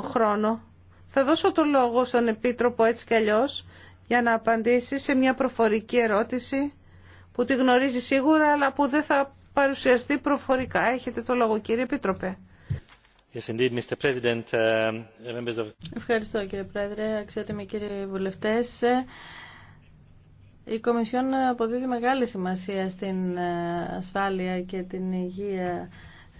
χρόνο. Θα δώσω το λόγο στον Επίτροπο έτσι κι αλλιώ για να απαντήσει σε μια προφορική ερώτηση που τη γνωρίζει σίγουρα αλλά που δεν θα παρουσιαστεί προφορικά. Έχετε το λόγο κύριε Επίτροπε. Yes, indeed, Mr. President, uh, members of... Ευχαριστώ κύριε Πρόεδρε, αξιότιμοι κύριοι βουλευτές. Η Κομισιόν αποδίδει μεγάλη σημασία στην ε, ασφάλεια και την υγεία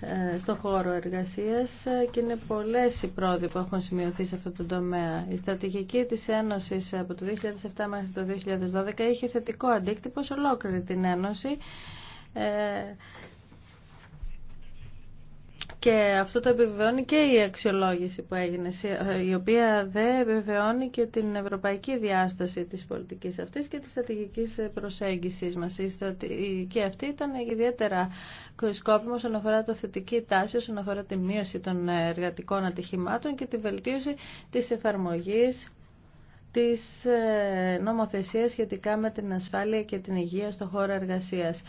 ε, στο χώρο εργασίας ε, και είναι πολλές οι πρόοδοι που έχουν σημειωθεί σε αυτό το τομέα. Η στρατηγική της Ένωσης από το 2007 μέχρι το 2012 είχε θετικό αντίκτυπο σε ολόκληρη την Ένωση ε, και αυτό το επιβεβαιώνει και η αξιολόγηση που έγινε, η οποία δεν επιβεβαιώνει και την ευρωπαϊκή διάσταση της πολιτικής αυτής και της στρατηγικής προσέγγισης μας. Και αυτή ήταν ιδιαίτερα σκόπιμο όσον αφορά το θετική τάση, όσον αφορά τη μείωση των εργατικών ατυχημάτων και τη βελτίωση της εφαρμογής της ε, νομοθεσίας σχετικά με την ασφάλεια και την υγεία στον χώρο εργασίας.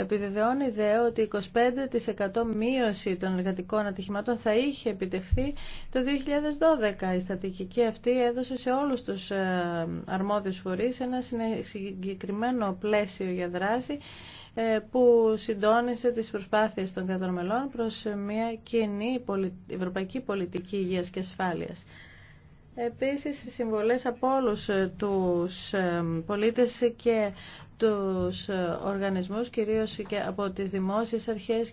Επιβεβαιώνει δε ότι 25% μείωση των εργατικών ατυχημάτων θα είχε επιτευχθεί το 2012. Η στατικική αυτή έδωσε σε όλους τους ε, αρμόδιους φορείς ένα συγκεκριμένο πλαίσιο για δράση ε, που συντόνισε τις προσπάθειες των κατανομελών προς μια κοινή ευρωπαϊκή πολιτική υγείας και ασφάλειας. Επίσης, οι συμβολές από όλους τους ε, πολίτες και τους ε, οργανισμούς, κυρίως και από τις δημόσιες αρχές,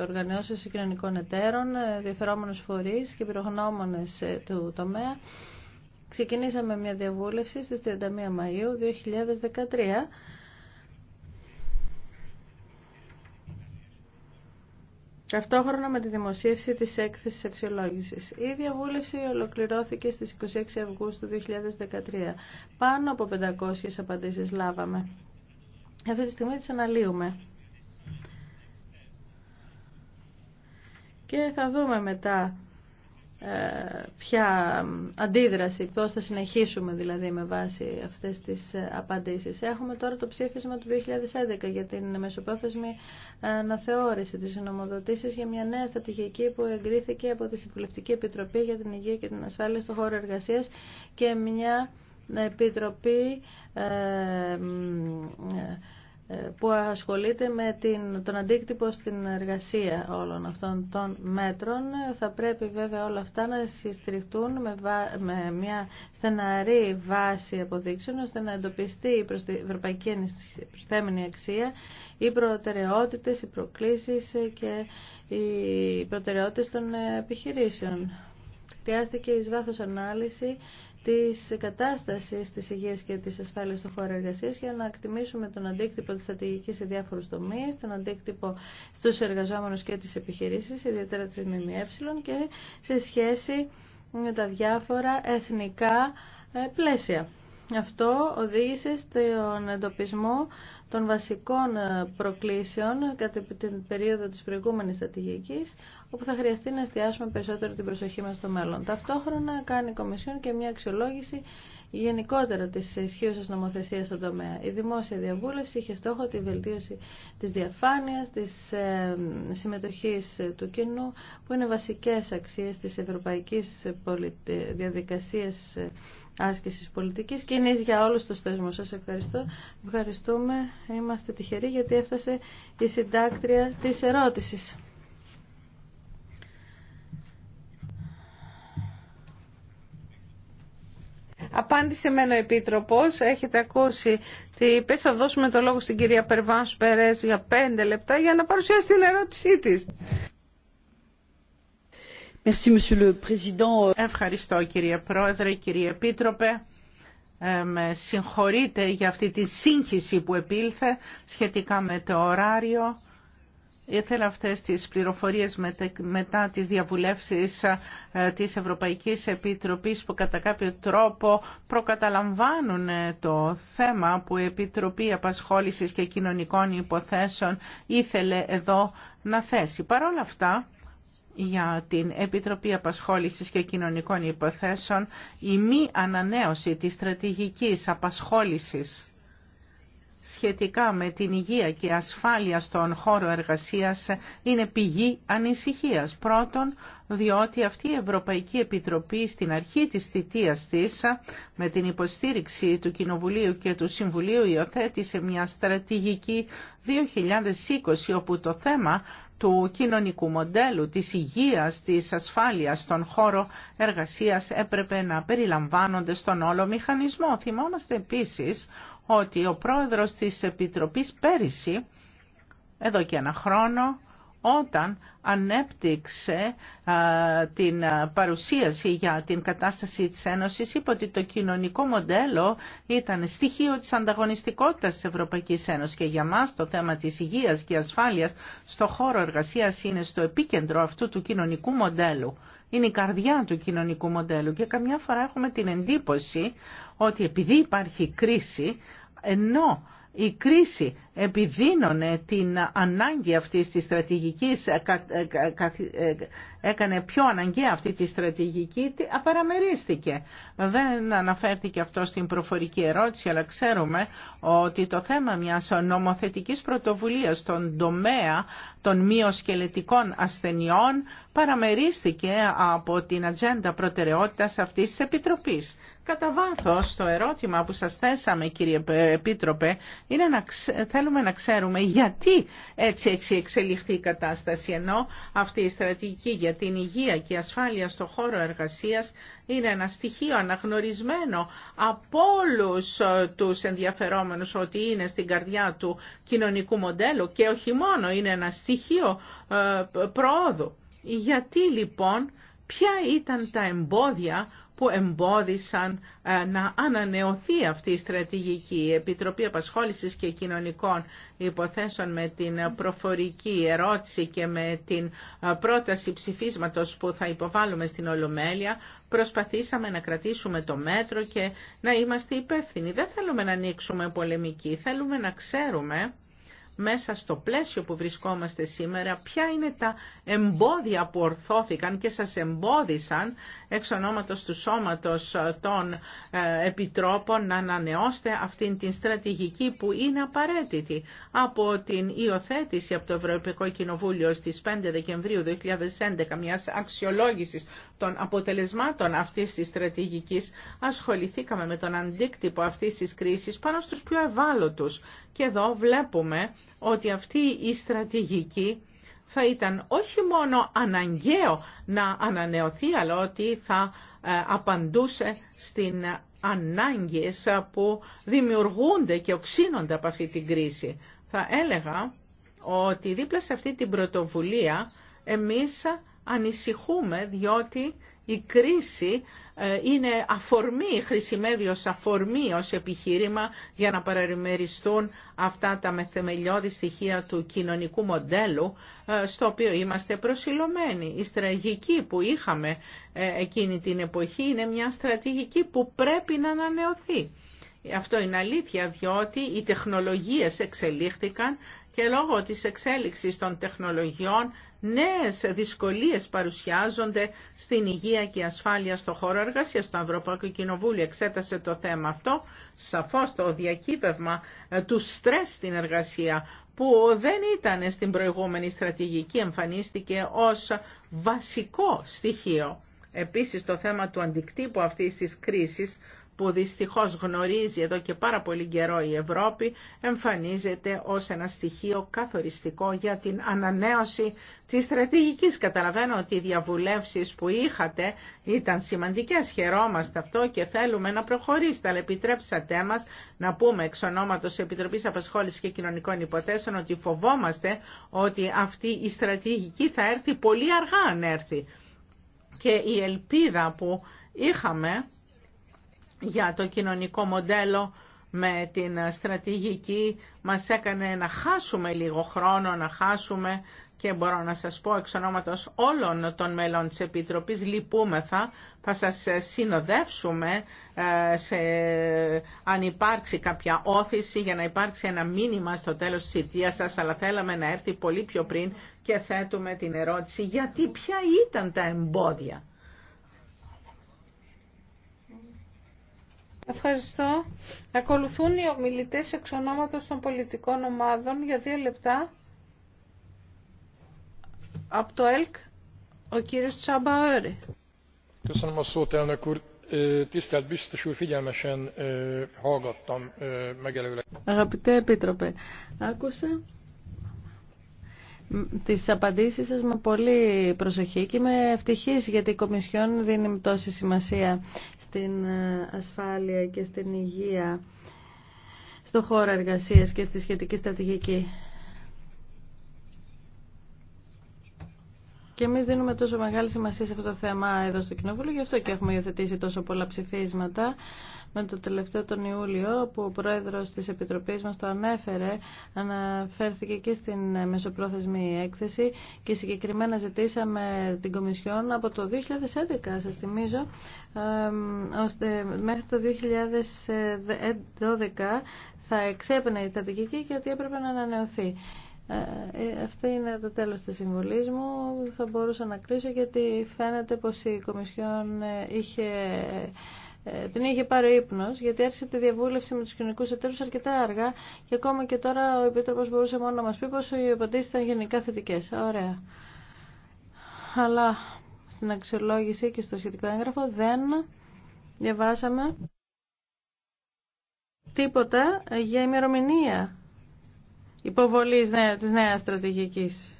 οργανώσεις κοινωνικών εταίρων, ε, διαφερόμενους φορείς και πυρογνώμονες του τομέα, ξεκινήσαμε μια διαβούλευση στις 31 Μαΐου 2013, Ταυτόχρονα με τη δημοσίευση της έκθεσης αξιολόγησης. Η διαβούλευση ολοκληρώθηκε στις 26 Αυγούστου 2013. Πάνω από 500 απαντήσεις λάβαμε. Αυτή τη στιγμή τις αναλύουμε. Και θα δούμε μετά ε, ποια αντίδραση, πώς θα συνεχίσουμε δηλαδή με βάση αυτές τις ε, απαντήσεις. Έχουμε τώρα το ψήφισμα του 2011 για την μεσοπρόθεσμη αναθεώρηση της νομοδοτήσης για μια νέα στρατηγική που εγκρίθηκε από τη Συμβουλευτική Επιτροπή για την Υγεία και την Ασφάλεια στο χώρο εργασίας και μια επιτροπή ε, που ασχολείται με την, τον αντίκτυπο στην εργασία όλων αυτών των μέτρων. Θα πρέπει βέβαια όλα αυτά να συστηριχτούν με, μια στεναρή βάση αποδείξεων ώστε να εντοπιστεί η ευρωπαϊκή προσθέμενη αξία, οι προτεραιότητες, οι προκλήσεις και οι προτεραιότητες των επιχειρήσεων. Χρειάστηκε εις βάθος ανάλυση της κατάστασης της υγείας και της ασφάλειας στον χώρο εργασίας για να εκτιμήσουμε τον αντίκτυπο της στρατηγικής σε διάφορους τομείς, τον αντίκτυπο στους εργαζόμενους και τις επιχειρήσεις, ιδιαίτερα της ΜΜΕ και σε σχέση με τα διάφορα εθνικά ε, πλαίσια. Αυτό οδήγησε στον εντοπισμό των βασικών ε, προκλήσεων κατά την περίοδο της προηγούμενης στρατηγικής, όπου θα χρειαστεί να εστιάσουμε περισσότερο την προσοχή μας στο μέλλον. Ταυτόχρονα κάνει η Κομισιόν και μια αξιολόγηση γενικότερα τη ισχύουσα νομοθεσία στον τομέα. Η δημόσια διαβούλευση είχε στόχο τη βελτίωση τη διαφάνεια, τη ε, συμμετοχή του κοινού, που είναι βασικέ αξίε τη ευρωπαϊκή διαδικασία ε, άσκηση πολιτική και για όλου του θεσμού. Σα ευχαριστώ. Ευχαριστούμε. Είμαστε τυχεροί γιατί έφτασε η συντάκτρια τη ερώτηση. Απάντησε μεν ο Επίτροπος, έχετε ακούσει τι είπε, θα δώσουμε το λόγο στην κυρία Περβάνσου Περές για πέντε λεπτά για να παρουσιάσει την ερώτησή της. Ευχαριστώ κύριε Πρόεδρε, κύριε Επίτροπε. Ε, με συγχωρείτε για αυτή τη σύγχυση που επήλθε σχετικά με το ωράριο Ήθελα αυτές τις πληροφορίες μετά τις διαβουλεύσεις ε, της Ευρωπαϊκής Επιτροπής που κατά κάποιο τρόπο προκαταλαμβάνουν ε, το θέμα που η Επιτροπή Απασχόλησης και Κοινωνικών Υποθέσεων ήθελε εδώ να θέσει. Παρ' όλα αυτά, για την Επιτροπή Απασχόλησης και Κοινωνικών Υποθέσεων η μη ανανέωση της στρατηγικής απασχόλησης σχετικά με την υγεία και ασφάλεια στον χώρο εργασίας είναι πηγή ανησυχίας. Πρώτον, διότι αυτή η Ευρωπαϊκή Επιτροπή στην αρχή της θητείας της, με την υποστήριξη του Κοινοβουλίου και του Συμβουλίου, υιοθέτησε μια στρατηγική 2020, όπου το θέμα του κοινωνικού μοντέλου, της υγείας, της ασφάλειας στον χώρο εργασίας έπρεπε να περιλαμβάνονται στον όλο μηχανισμό. Θυμόμαστε επίσης ότι ο πρόεδρος της Επιτροπής πέρυσι, εδώ και ένα χρόνο, όταν ανέπτυξε την παρουσίαση για την κατάσταση της Ένωσης, είπε ότι το κοινωνικό μοντέλο ήταν στοιχείο της ανταγωνιστικότητας της Ευρωπαϊκής Ένωσης και για μας το θέμα της υγείας και ασφάλειας στο χώρο εργασίας είναι στο επίκεντρο αυτού του κοινωνικού μοντέλου. Είναι η καρδιά του κοινωνικού μοντέλου και καμιά φορά έχουμε την εντύπωση ότι επειδή υπάρχει κρίση ενώ η κρίση επιδίνωνε την ανάγκη αυτής της στρατηγική ε, ε, ε, έκανε πιο αναγκαία αυτή τη στρατηγική, απαραμερίστηκε. Δεν αναφέρθηκε αυτό στην προφορική ερώτηση, αλλά ξέρουμε ότι το θέμα μιας νομοθετική πρωτοβουλία στον τομέα των μειοσκελετικών ασθενειών παραμερίστηκε από την ατζέντα προτεραιότητα αυτής τη επιτροπή κατά βάθο το ερώτημα που σας θέσαμε κύριε Επίτροπε είναι να θέλουμε να ξέρουμε γιατί έτσι έχει εξελιχθεί η κατάσταση ενώ αυτή η στρατηγική για την υγεία και η ασφάλεια στο χώρο εργασίας είναι ένα στοιχείο αναγνωρισμένο από όλου ε, τους ενδιαφερόμενους ότι είναι στην καρδιά του κοινωνικού μοντέλου και όχι μόνο είναι ένα στοιχείο ε, προόδου. Γιατί λοιπόν ποια ήταν τα εμπόδια που εμπόδισαν ε, να ανανεωθεί αυτή η στρατηγική. Η Επιτροπή Απασχόλησης και Κοινωνικών Υποθέσεων με την προφορική ερώτηση και με την ε, πρόταση ψηφίσματος που θα υποβάλουμε στην Ολομέλεια προσπαθήσαμε να κρατήσουμε το μέτρο και να είμαστε υπεύθυνοι. Δεν θέλουμε να ανοίξουμε πολεμική, θέλουμε να ξέρουμε μέσα στο πλαίσιο που βρισκόμαστε σήμερα, ποια είναι τα εμπόδια που ορθώθηκαν και σας εμπόδισαν εξ ονόματος του σώματος των ε, επιτρόπων να ανανεώσετε αυτήν την στρατηγική που είναι απαραίτητη από την υιοθέτηση από το Ευρωπαϊκό Κοινοβούλιο στις 5 Δεκεμβρίου 2011 μιας αξιολόγησης των αποτελεσμάτων αυτής της στρατηγικής ασχοληθήκαμε με τον αντίκτυπο αυτής της κρίσης πάνω στους πιο ευάλωτους και εδώ βλέπουμε ότι αυτή η στρατηγική θα ήταν όχι μόνο αναγκαίο να ανανεωθεί, αλλά ότι θα ε, απαντούσε στην ανάγκες που δημιουργούνται και οξύνονται από αυτή την κρίση. Θα έλεγα ότι δίπλα σε αυτή την πρωτοβουλία εμείς ανησυχούμε διότι η κρίση ε, είναι αφορμή, χρησιμεύει ως αφορμή, ως επιχείρημα για να παραμεριστούν αυτά τα μεθεμελιώδη στοιχεία του κοινωνικού μοντέλου ε, στο οποίο είμαστε προσιλωμένοι. Η στρατηγική που είχαμε ε, εκείνη την εποχή είναι μια στρατηγική που πρέπει να ανανεωθεί. Αυτό είναι αλήθεια, διότι οι τεχνολογίες εξελίχθηκαν και λόγω της εξέλιξης των τεχνολογιών νέες δυσκολίες παρουσιάζονται στην υγεία και ασφάλεια στο χώρο εργασίας. Το Ευρωπαϊκό Κοινοβούλιο εξέτασε το θέμα αυτό, σαφώς το διακύβευμα ε, του στρες στην εργασία που δεν ήταν στην προηγούμενη στρατηγική εμφανίστηκε ως βασικό στοιχείο. Επίσης το θέμα του αντικτύπου αυτής της κρίσης που δυστυχώς γνωρίζει εδώ και πάρα πολύ καιρό η Ευρώπη, εμφανίζεται ως ένα στοιχείο καθοριστικό για την ανανέωση της στρατηγικής. Καταλαβαίνω ότι οι διαβουλεύσεις που είχατε ήταν σημαντικές, χαιρόμαστε αυτό και θέλουμε να προχωρήσετε, αλλά επιτρέψατε μας να πούμε εξ ονόματος Επιτροπής Απασχόλησης και Κοινωνικών Υποθέσεων ότι φοβόμαστε ότι αυτή η στρατηγική θα έρθει πολύ αργά αν έρθει. Και η ελπίδα που είχαμε για το κοινωνικό μοντέλο με την στρατηγική μας έκανε να χάσουμε λίγο χρόνο, να χάσουμε και μπορώ να σας πω εξ ονόματος όλων των μέλων της Επιτροπής λυπούμεθα, θα σας συνοδεύσουμε ε, σε, αν υπάρξει κάποια όθηση για να υπάρξει ένα μήνυμα στο τέλος της θητείας σας, αλλά θέλαμε να έρθει πολύ πιο πριν και θέτουμε την ερώτηση γιατί ποια ήταν τα εμπόδια. Ευχαριστώ. Ακολουθούν οι ομιλητές εξ ονόματος των πολιτικών ομάδων για δύο λεπτά. Από το ΕΛΚ, ο κύριος Τσάμπα Ωρη. Αγαπητέ Επίτροπε, άκουσα τις απαντήσεις σας με πολύ προσοχή και με ευτυχής γιατί η Κομισιόν δίνει τόση σημασία στην ε, ασφάλεια και στην υγεία στο χώρο εργασίας και στη σχετική στρατηγική. Και εμεί δίνουμε τόσο μεγάλη σημασία σε αυτό το θέμα εδώ στο Κοινοβούλιο, γι' αυτό και έχουμε υιοθετήσει τόσο πολλά ψηφίσματα. Με το τελευταίο τον Ιούλιο, που ο πρόεδρο τη Επιτροπή μα το ανέφερε, αναφέρθηκε και στην μεσοπρόθεσμη έκθεση και συγκεκριμένα ζητήσαμε την Κομισιόν από το 2011, σα θυμίζω, ώστε μέχρι το 2012 θα εξέπαινε η στρατηγική και ότι έπρεπε να ανανεωθεί. Ε, ε αυτό είναι το τέλος της συμβολής μου. Θα μπορούσα να κλείσω γιατί φαίνεται πως η Κομισιόν ε, είχε, ε, την είχε πάρει ο ύπνος γιατί άρχισε τη διαβούλευση με τους κοινωνικού εταίρους αρκετά αργά και ακόμα και τώρα ο Επίτροπος μπορούσε μόνο να μας πει πως οι απαντήσει ήταν γενικά θετικές. Ωραία. Αλλά στην αξιολόγηση και στο σχετικό έγγραφο δεν διαβάσαμε τίποτα για ημερομηνία υποβολής ναι, της νέας στρατηγικής.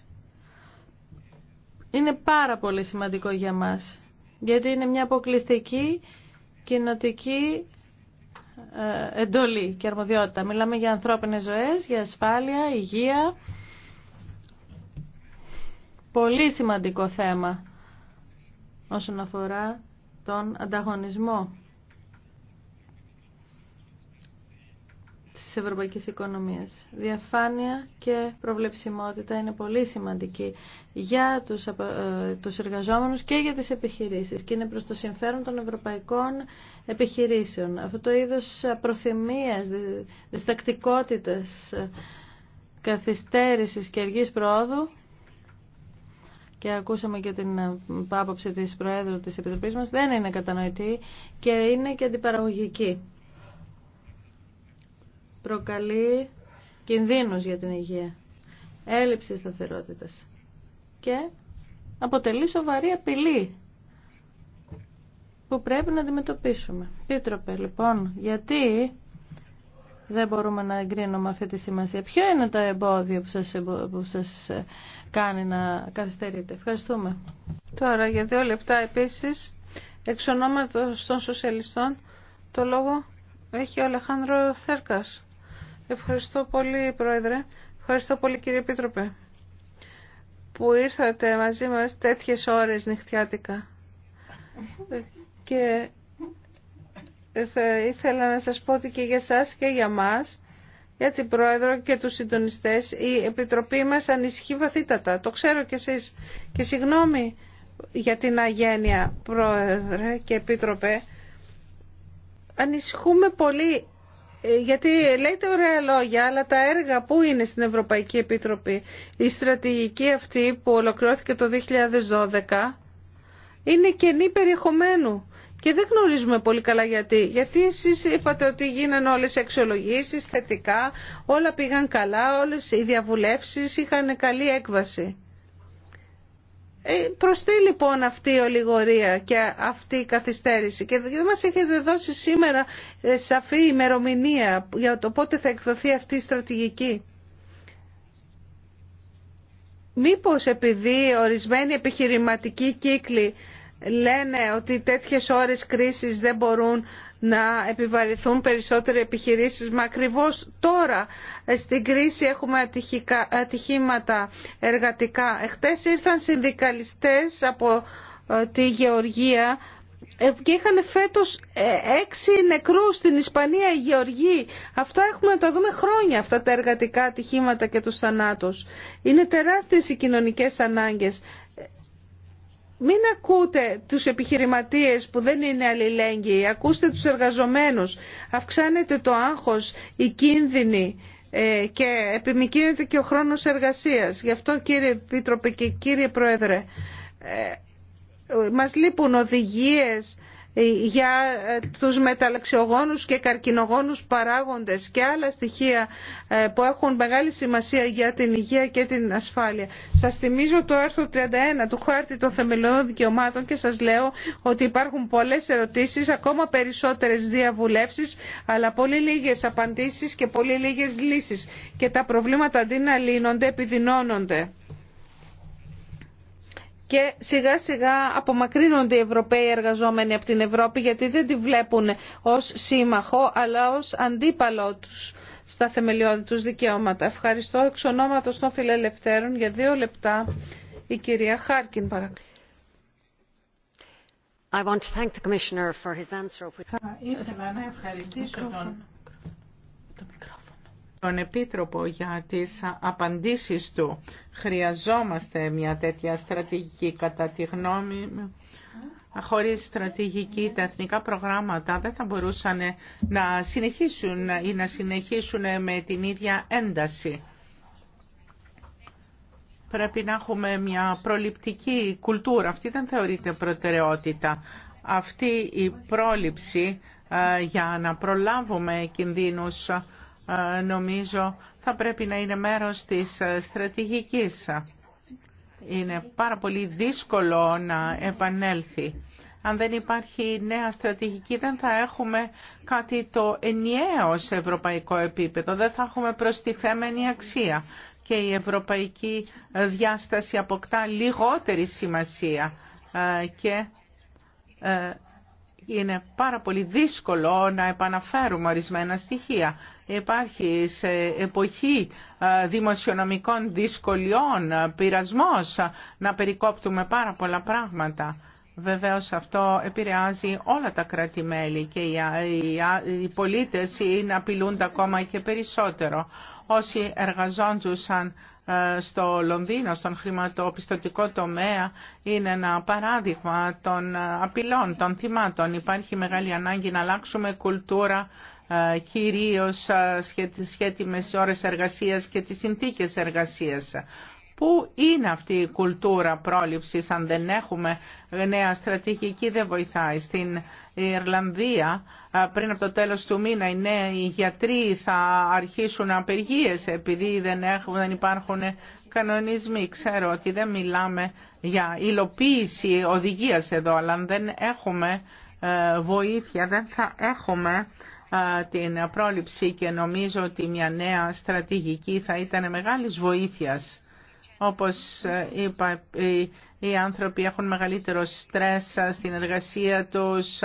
Είναι πάρα πολύ σημαντικό για μας, γιατί είναι μια αποκλειστική κοινοτική ε, εντολή και αρμοδιότητα. Μιλάμε για ανθρώπινες ζωές, για ασφάλεια, υγεία. Πολύ σημαντικό θέμα όσον αφορά τον ανταγωνισμό. ευρωπαϊκής οικονομίας. Διαφάνεια και προβλεψιμότητα είναι πολύ σημαντική για τους, ε, τους εργαζόμενους και για τις επιχειρήσεις και είναι προς το συμφέρον των ευρωπαϊκών επιχειρήσεων. Αυτό το είδος προθυμίας, διστακτικότητας, καθυστέρησης και αργής προόδου και ακούσαμε και την ε, άποψη της Προέδρου της Επιτροπής μας, δεν είναι κατανοητή και είναι και αντιπαραγωγική προκαλεί κινδύνους για την υγεία, έλλειψη σταθερότητας και αποτελεί σοβαρή απειλή που πρέπει να αντιμετωπίσουμε. Πίτροπε, λοιπόν, γιατί δεν μπορούμε να εγκρίνουμε αυτή τη σημασία. Ποιο είναι το εμπόδιο που σας, που σας ε, κάνει να καθυστερείτε. Ευχαριστούμε. Τώρα για δύο λεπτά επίσης, εξ ονόματος των σοσιαλιστών, το λόγο έχει ο Αλεχάνδρο Θέρκας. Ευχαριστώ πολύ, Πρόεδρε. Ευχαριστώ πολύ, κύριε Επίτροπε, που ήρθατε μαζί μας τέτοιες ώρες νυχτιάτικα. Και ήθελα να σας πω ότι και για σας και για μας, για την Πρόεδρο και τους συντονιστές, η Επιτροπή μας ανησυχεί βαθύτατα. Το ξέρω κι εσείς. Και συγγνώμη για την αγένεια, Πρόεδρε και Επίτροπε. Ανησυχούμε πολύ ε, γιατί λέτε ωραία λόγια, αλλά τα έργα που είναι στην Ευρωπαϊκή Επίτροπη, η στρατηγική αυτή που ολοκληρώθηκε το 2012, είναι κενή περιεχομένου. Και δεν γνωρίζουμε πολύ καλά γιατί. Γιατί εσείς είπατε ότι γίνανε όλες οι αξιολογήσεις θετικά, όλα πήγαν καλά, όλες οι διαβουλεύσεις είχαν καλή έκβαση. Ε, Προστεί λοιπόν αυτή η ολιγορία και αυτή η καθυστέρηση και δεν μας έχετε δώσει σήμερα ε, σαφή ημερομηνία για το πότε θα εκδοθεί αυτή η στρατηγική. Μήπως επειδή ορισμένοι επιχειρηματικοί κύκλοι λένε ότι τέτοιες ώρες κρίσης δεν μπορούν να επιβαρυνθούν περισσότερες επιχειρήσεις. Μα ακριβώς τώρα ε, στην κρίση έχουμε ατυχήματα εργατικά. Εχθές ήρθαν συνδικαλιστές από ε, τη Γεωργία ε, και είχαν φέτος έξι νεκρούς στην Ισπανία οι Γεωργοί. Αυτά έχουμε να τα δούμε χρόνια αυτά τα εργατικά ατυχήματα και τους θανάτους. Είναι τεράστιες οι κοινωνικές ανάγκες. Μην ακούτε τους επιχειρηματίες που δεν είναι αλληλέγγυοι, ακούστε τους εργαζομένους. Αυξάνεται το άγχος, η κίνδυνη ε, και επιμικρύνεται και ο χρόνος εργασίας. Γι' αυτό κύριε Επίτροπε και κύριε Πρόεδρε, ε, μας λείπουν οδηγίες ε, για ε, τους μεταλλαξιογόνους και καρκινογόνους παράγοντες και άλλα στοιχεία ε, που έχουν μεγάλη σημασία για την υγεία και την ασφάλεια. Σας θυμίζω το άρθρο 31 του Χάρτη των Θεμελιών Δικαιωμάτων και σας λέω ότι υπάρχουν πολλές ερωτήσεις, ακόμα περισσότερες διαβουλεύσεις, αλλά πολύ λίγες απαντήσεις και πολύ λίγες λύσεις. Και τα προβλήματα αντί να λύνονται επιδεινώνονται και σιγά σιγά απομακρύνονται οι Ευρωπαίοι εργαζόμενοι από την Ευρώπη γιατί δεν τη βλέπουν ως σύμμαχο αλλά ως αντίπαλό τους στα θεμελιώδη τους δικαιώματα. Ευχαριστώ εξ ονόματος των φιλελευθέρων για δύο λεπτά η κυρία Χάρκιν παρακαλώ. I want to thank the Commissioner for his answer τον Επίτροπο για τις απαντήσεις του. Χρειαζόμαστε μια τέτοια στρατηγική κατά τη γνώμη μου. Χωρίς στρατηγική τα εθνικά προγράμματα δεν θα μπορούσαν να συνεχίσουν ή να συνεχίσουν με την ίδια ένταση. Πρέπει να έχουμε μια προληπτική κουλτούρα. Αυτή δεν θεωρείται προτεραιότητα. Αυτή η πρόληψη ε, για να προλάβουμε κινδύνους ε, νομίζω θα πρέπει να είναι μέρος της ε, στρατηγικής. Είναι πάρα πολύ δύσκολο να επανέλθει. Αν δεν υπάρχει νέα στρατηγική δεν θα έχουμε κάτι το ενιαίο σε ευρωπαϊκό επίπεδο, δεν θα έχουμε προστιθέμενη αξία και η ευρωπαϊκή ε, διάσταση αποκτά λιγότερη σημασία και είναι πάρα πολύ δύσκολο να επαναφέρουμε ορισμένα στοιχεία. Υπάρχει σε εποχή δημοσιονομικών δυσκολιών, πειρασμός να περικόπτουμε πάρα πολλά πράγματα. Βεβαίως αυτό επηρεάζει όλα τα κράτη-μέλη και οι πολίτες είναι απειλούνται ακόμα και περισσότερο. Όσοι εργαζόντουσαν στο Λονδίνο, στον χρηματοπιστωτικό τομέα, είναι ένα παράδειγμα των απειλών, των θυμάτων. Υπάρχει μεγάλη ανάγκη να αλλάξουμε κουλτούρα ε, κυρίως ε, σχέτιμες τις ώρες εργασίας και τις συνθήκες εργασίας. Πού είναι αυτή η κουλτούρα πρόληψης αν δεν έχουμε νέα στρατηγική δεν βοηθάει. Στην Ιρλανδία ε, πριν από το τέλος του μήνα οι νέοι γιατροί θα αρχίσουν απεργίες επειδή δεν, έχουν, δεν υπάρχουν κανονισμοί. Ξέρω ότι δεν μιλάμε για υλοποίηση οδηγίας εδώ αλλά αν δεν έχουμε βοήθεια δεν θα έχουμε την πρόληψη και νομίζω ότι μια νέα στρατηγική θα ήταν μεγάλης βοήθειας. Όπως ε, είπα, ε, οι άνθρωποι έχουν μεγαλύτερο στρες ε, στην εργασία τους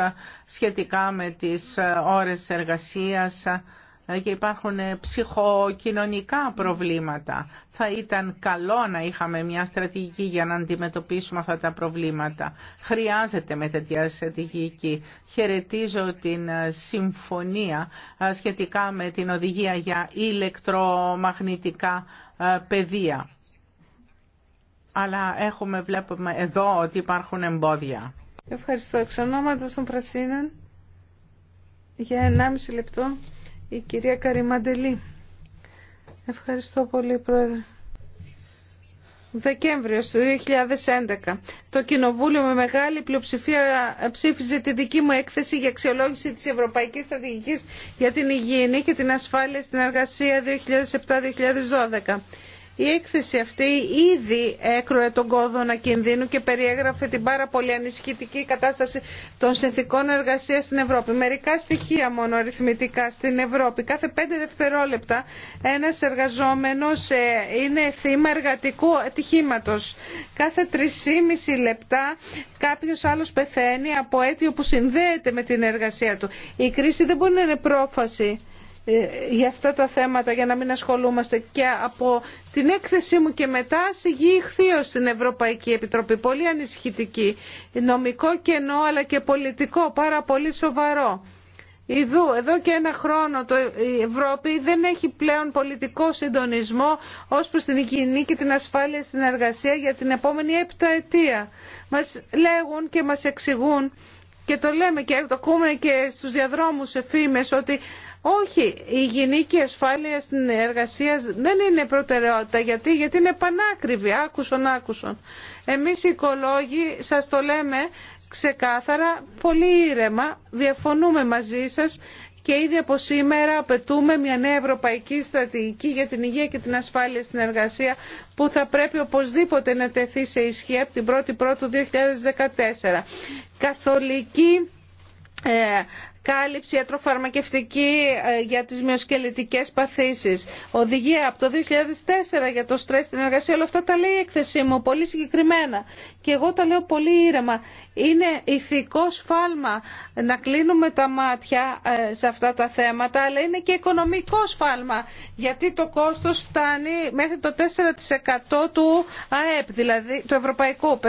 σχετικά με τις ώρες εργασίας ε, και υπάρχουν ε, ψυχοκοινωνικά προβλήματα. Θα ήταν καλό να είχαμε μια στρατηγική για να αντιμετωπίσουμε αυτά τα προβλήματα. Χρειάζεται με τέτοια στρατηγική. Χαιρετίζω την ε, συμφωνία σχετικά με την οδηγία για ηλεκτρομαγνητικά πεδία. Αλλά έχουμε, βλέπουμε εδώ ότι υπάρχουν εμπόδια. Ευχαριστώ. Εξ ονόματος των Πρασίνων, για 1,5 λεπτό. Η κυρία Καριμαντελή. Ευχαριστώ πολύ, Πρόεδρε. Δεκέμβριο του 2011. Το Κοινοβούλιο με μεγάλη πλειοψηφία ψήφιζε τη δική μου έκθεση για αξιολόγηση της Ευρωπαϊκής Στρατηγικής για την Υγιεινή και την Ασφάλεια στην Εργασία 2007-2012. Η έκθεση αυτή ήδη έκρουε τον κόδωνα κινδύνου και περιέγραφε την πάρα πολύ ανισχυτική κατάσταση των συνθήκων εργασία στην Ευρώπη. Μερικά στοιχεία μόνο αριθμητικά στην Ευρώπη. Κάθε πέντε δευτερόλεπτα ένα εργαζόμενο ε, είναι θύμα εργατικού ατυχήματο. Κάθε 3,5 λεπτά κάποιο άλλο πεθαίνει από αίτιο που συνδέεται με την εργασία του. Η κρίση δεν μπορεί να είναι πρόφαση ε, για αυτά τα θέματα για να μην ασχολούμαστε και από την έκθεσή μου και μετά συγγύηχθείως στην Ευρωπαϊκή Επιτροπή πολύ ανησυχητική νομικό κενό αλλά και πολιτικό πάρα πολύ σοβαρό Ιδού, εδώ και ένα χρόνο το, η Ευρώπη δεν έχει πλέον πολιτικό συντονισμό ως προς την υγιεινή και την ασφάλεια στην εργασία για την επόμενη έπτα αιτία. Μας λέγουν και μας εξηγούν και το λέμε και το ακούμε και στους διαδρόμους εφήμες ότι όχι, η γυναίκη ασφάλεια στην εργασία δεν είναι προτεραιότητα. Γιατί, γιατί είναι πανάκριβη. Άκουσον, άκουσον. Εμείς οι οικολόγοι σας το λέμε ξεκάθαρα, πολύ ήρεμα, διαφωνούμε μαζί σας και ήδη από σήμερα απαιτούμε μια νέα ευρωπαϊκή στρατηγική για την υγεία και την ασφάλεια στην εργασία που θα πρέπει οπωσδήποτε να τεθεί σε ισχύ από την 1η 2014. Καθολική ε, κάλυψη ιατροφαρμακευτική ε, για τις μειοσκελετικές παθήσεις, οδηγία από το 2004 για το στρες στην εργασία, όλα αυτά τα λέει η έκθεσή μου πολύ συγκεκριμένα και εγώ τα λέω πολύ ήρεμα. Είναι ηθικό σφάλμα να κλείνουμε τα μάτια ε, σε αυτά τα θέματα, αλλά είναι και οικονομικό σφάλμα, γιατί το κόστος φτάνει μέχρι το 4% του ΑΕΠ, δηλαδή του Ευρωπαϊκού, 500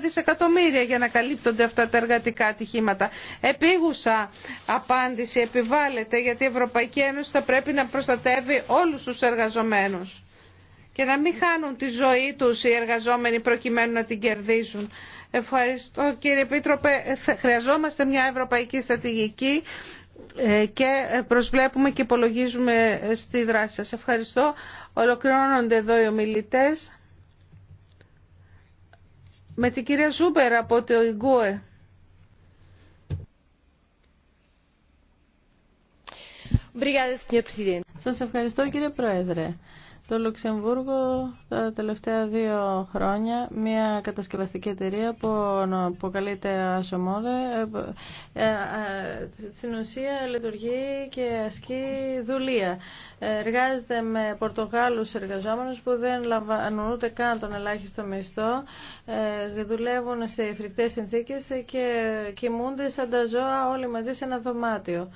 δισεκατομμύρια για να καλύπτονται αυτά τα εργατικά ατυχήματα. Επίγουσα απάντηση επιβάλλεται γιατί η Ευρωπαϊκή Ένωση θα πρέπει να προστατεύει όλους τους εργαζομένους και να μην χάνουν τη ζωή τους οι εργαζόμενοι προκειμένου να την κερδίζουν. Ευχαριστώ κύριε Επίτροπε. Ε, χρειαζόμαστε μια ευρωπαϊκή στρατηγική ε, και προσβλέπουμε και υπολογίζουμε ε, στη δράση σας. Ευχαριστώ. Ολοκληρώνονται εδώ οι ομιλητές. Με την κυρία Ζούμπερ από το Ιγκούε. Σας ευχαριστώ κύριε Πρόεδρε. Το Λουξεμβούργο τα τελευταία δύο χρόνια μια κατασκευαστική εταιρεία που αποκαλείται Ασομόδε ε, ε, ε, στην ουσία λειτουργεί και ασκεί δουλεία. Εργάζεται με Πορτογάλους εργαζόμενους που δεν λαμβάνουν ούτε καν τον ελάχιστο μισθό, δουλεύουν σε φρικτές συνθήκες και κοιμούνται σαν τα ζώα όλοι μαζί σε ένα δωμάτιο.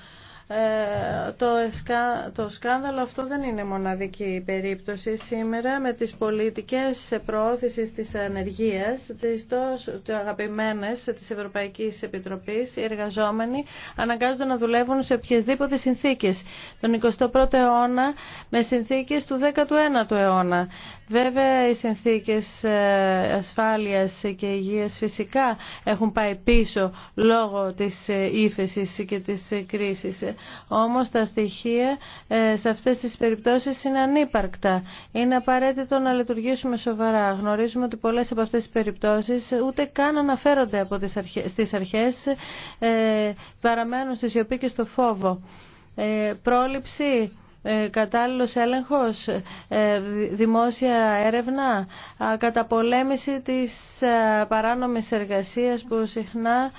Ε, το, εσκα... το σκάνδαλο αυτό δεν είναι μοναδική περίπτωση. Σήμερα με τις πολιτικές προώθησης της ανεργίας, τις τόσο αγαπημένες της Ευρωπαϊκής Επιτροπής, οι εργαζόμενοι αναγκάζονται να δουλεύουν σε οποιασδήποτε συνθήκες. Τον 21ο αιώνα με συνθήκες του 19ου αιώνα. Βέβαια, οι συνθήκες ε, ασφάλειας και υγείας φυσικά έχουν πάει πίσω λόγω της ε, ύφεση και της ε, κρίσης. Όμως τα στοιχεία σε αυτές τις περιπτώσεις είναι ανύπαρκτα. Είναι απαραίτητο να λειτουργήσουμε σοβαρά. Γνωρίζουμε ότι πολλές από αυτές τις περιπτώσεις ούτε καν αναφέρονται από τις αρχές, παραμένουν στη σιωπή και στο φόβο. πρόληψη ε, κατάλληλος έλεγχος, ε, δημόσια έρευνα, καταπολέμηση της παράνομης εργασίας που συχνά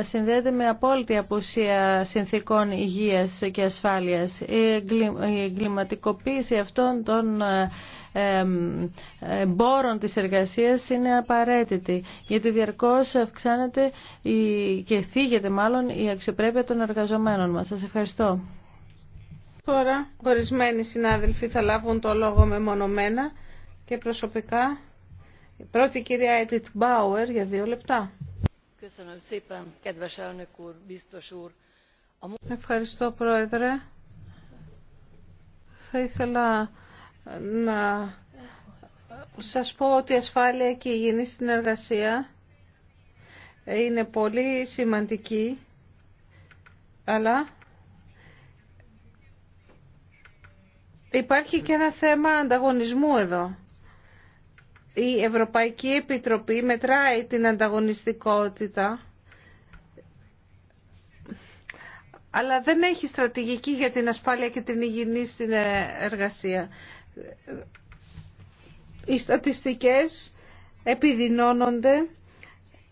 συνδέεται με απόλυτη απουσία συνθήκων υγείας και ασφάλειας. Η εγκληματικοποίηση αυτών των ε, εμπόρων της εργασίας είναι απαραίτητη γιατί διαρκώς αυξάνεται και θίγεται μάλλον η αξιοπρέπεια των εργαζομένων μας. Σας ευχαριστώ. Τώρα ορισμένοι συνάδελφοι θα λάβουν το λόγο μεμονωμένα και προσωπικά. Η πρώτη κυρία Έντιτ Μπάουερ για δύο λεπτά. Ευχαριστώ Πρόεδρε. Θα ήθελα ε, να σας πω ότι η ασφάλεια και η υγιεινή συνεργασία είναι πολύ σημαντική, αλλά Υπάρχει και ένα θέμα ανταγωνισμού εδώ. Η Ευρωπαϊκή Επιτροπή μετράει την ανταγωνιστικότητα, αλλά δεν έχει στρατηγική για την ασφάλεια και την υγιεινή στην εργασία. Οι στατιστικές επιδεινώνονται,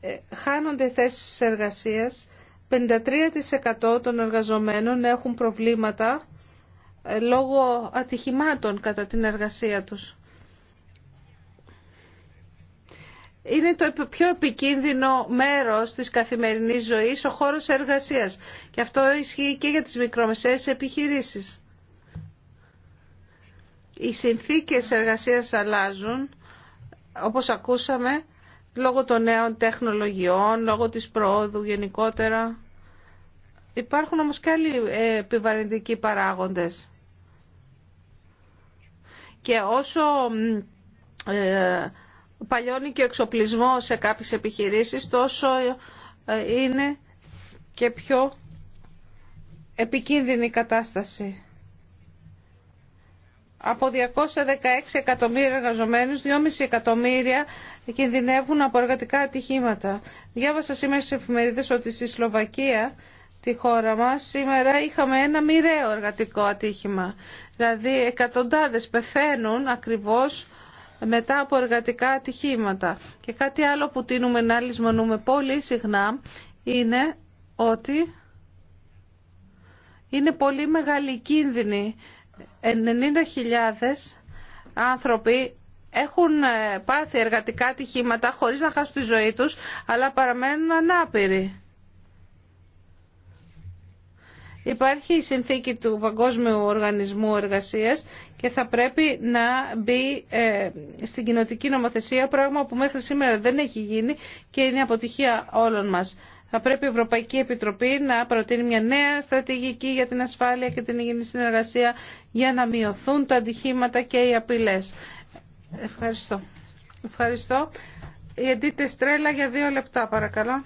ε, χάνονται θέσεις εργασίας, 53% των εργαζομένων έχουν προβλήματα λόγω ατυχημάτων κατά την εργασία τους. είναι το πιο επικίνδυνο μέρος της καθημερινής ζωής ο χώρος εργασίας. Και αυτό ισχύει και για τις μικρομεσαίες επιχειρήσεις. Οι συνθήκες εργασίας αλλάζουν, όπως ακούσαμε, λόγω των νέων τεχνολογιών, λόγω της προόδου γενικότερα. Υπάρχουν όμως και άλλοι ε, επιβαρυντικοί παράγοντες. Και όσο ε, παλιώνει και ο εξοπλισμό σε κάποιες επιχειρήσεις, τόσο ε, είναι και πιο επικίνδυνη κατάσταση. Από 216 εκατομμύρια εργαζομένους, 2,5 εκατομμύρια κινδυνεύουν από εργατικά ατυχήματα. Διάβασα σήμερα στις εφημερίδες ότι στη Σλοβακία στη χώρα μας, σήμερα είχαμε ένα μοιραίο εργατικό ατύχημα. Δηλαδή εκατοντάδες πεθαίνουν ακριβώς μετά από εργατικά ατυχήματα. Και κάτι άλλο που τίνουμε να λησμονούμε πολύ συχνά είναι ότι είναι πολύ μεγάλη κίνδυνη. 90.000 άνθρωποι έχουν ε, πάθει εργατικά ατυχήματα χωρίς να χάσουν τη ζωή τους, αλλά παραμένουν ανάπηροι. Υπάρχει η συνθήκη του Παγκόσμιου Οργανισμού Εργασίας και θα πρέπει να μπει ε, στην κοινοτική νομοθεσία, πράγμα που μέχρι σήμερα δεν έχει γίνει και είναι αποτυχία όλων μας. Θα πρέπει η Ευρωπαϊκή Επιτροπή να προτείνει μια νέα στρατηγική για την ασφάλεια και την υγιεινή συνεργασία για να μειωθούν τα αντιχήματα και οι απειλές. Ευχαριστώ. Ευχαριστώ. Η Εντίτε Στρέλα για δύο λεπτά παρακαλώ.